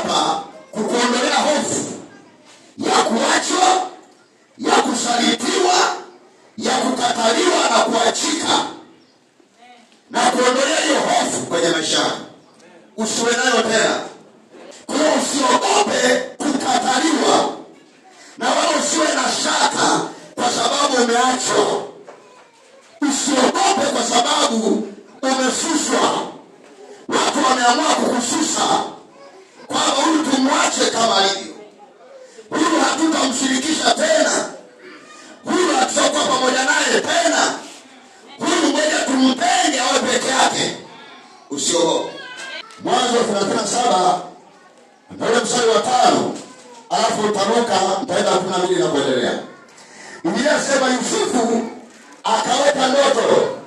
hapa kukuondolea hofu ya kuachwa, ya kusalitiwa, ya kukataliwa na kuachika, na kuondolea hiyo hofu kwenye maisha. Usiwe nayo tena. Kwa usiogope kukataliwa, na wala usiwe na shaka kwa sababu umeachwa. Usiogope kwa sababu umesuswa. Watu wameamua kukususa tuache kama alivyo huyu, hatutamshirikisha tena huyu, hatutakuwa pamoja naye tena huyu, moja tumtenge awe peke yake. usio Mwanzo thelathini na saba ule mstari wa tano alafu utanuka utaenda kumi na mbili inapoendelea kuendelea. Biblia Yusufu akaota ndoto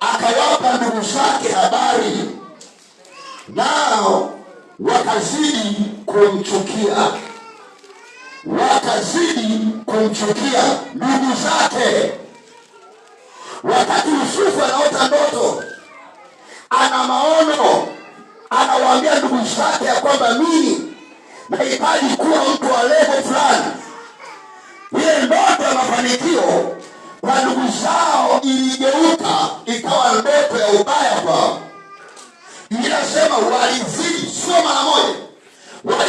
akawapa ndugu zake haba wakazidi kumchukia, wakazidi kumchukia ndugu zake. Wakati Yusufu anaota ndoto, ana maono, anawaambia ndugu zake ya kwamba mimi nahitaji kuwa mtu wa levo fulani. Ile ndoto ya mafanikio kwa ndugu zao iligeuka ikawa ndoto ya ubaya kwao, inasema walivu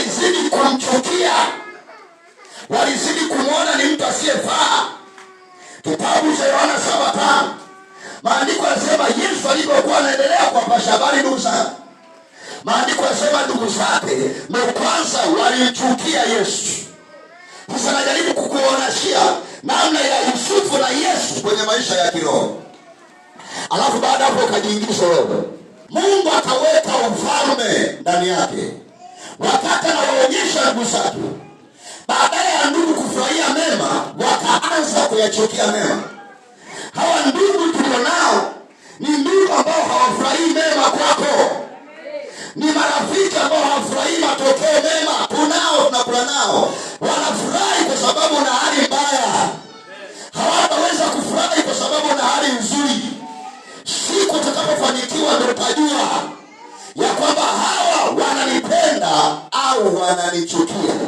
walizidi kumchukia, walizidi kumwona ni mtu asiyefaa. Kitabu cha Yohana saba tano maandiko yasema Yesu alivyokuwa anaendelea kwa pashabari ndugu zangu, maandiko yasema ndugu zake na kwanza walimchukia Yesu. Sasa najaribu kukuonashia namna ya Yusufu na Yesu kwenye maisha ya kiroho, alafu baada hapo ukajiingiza wewe. Mungu ataweka ufalme ndani yake wakati anaonyesha ndugu zake. Baada ya ndugu kufurahia mema, wakaanza kuyachukia mema. Hawa ndugu tulionao ni ndugu ambao hawafurahii mema kwako, ni marafiki ambao hawafurahii matokeo mema. Tunao, tunakula nao, wanafurahi kwa sababu na hali mbaya, hawataweza kufurahi kwa sababu na hali nzuri. Siku tutakapofanikiwa ndio utajua au wananichukia